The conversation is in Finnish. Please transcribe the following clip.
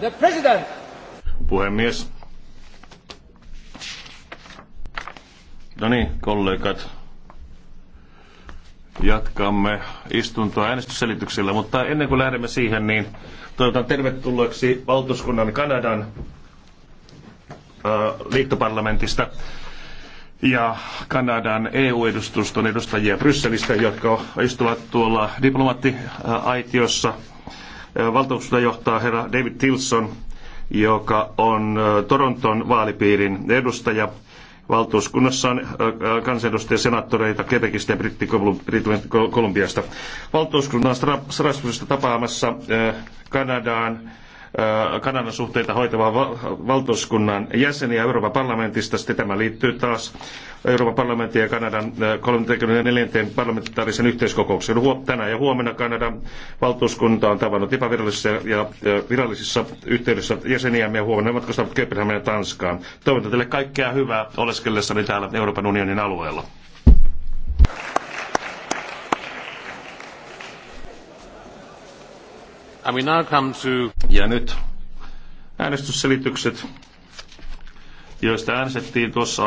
The president. Puhemies. No niin, kollegat. Jatkamme istuntoa äänestysselityksillä, mutta ennen kuin lähdemme siihen, niin toivotan tervetulleeksi valtuuskunnan Kanadan liittoparlamentista ja Kanadan EU-edustuston edustajia Brysselistä, jotka istuvat tuolla diplomaattiaitiossa. Valtuuskunta johtaa herra David Tilson, joka on Toronton vaalipiirin edustaja. Valtuuskunnassa on kansanedustajia senaattoreita Quebecistä ja Brittikolumbiasta. Valtuuskunnan Strasbourgista tapaamassa Kanadaan Kanadan suhteita hoitavan valtuuskunnan jäseniä Euroopan parlamentista. Sitten tämä liittyy taas Euroopan parlamentin ja Kanadan 34. parlamentaarisen yhteiskokouksen tänään ja huomenna Kanadan valtuuskunta on tavannut epävirallisissa ja virallisissa yhteydessä jäseniämme ja huomenna matkustavat Kööpenhaminan Tanskaan. Toivotan teille kaikkea hyvää oleskellessani täällä Euroopan unionin alueella. Ja nyt äänestysselitykset, joista äänestettiin tuossa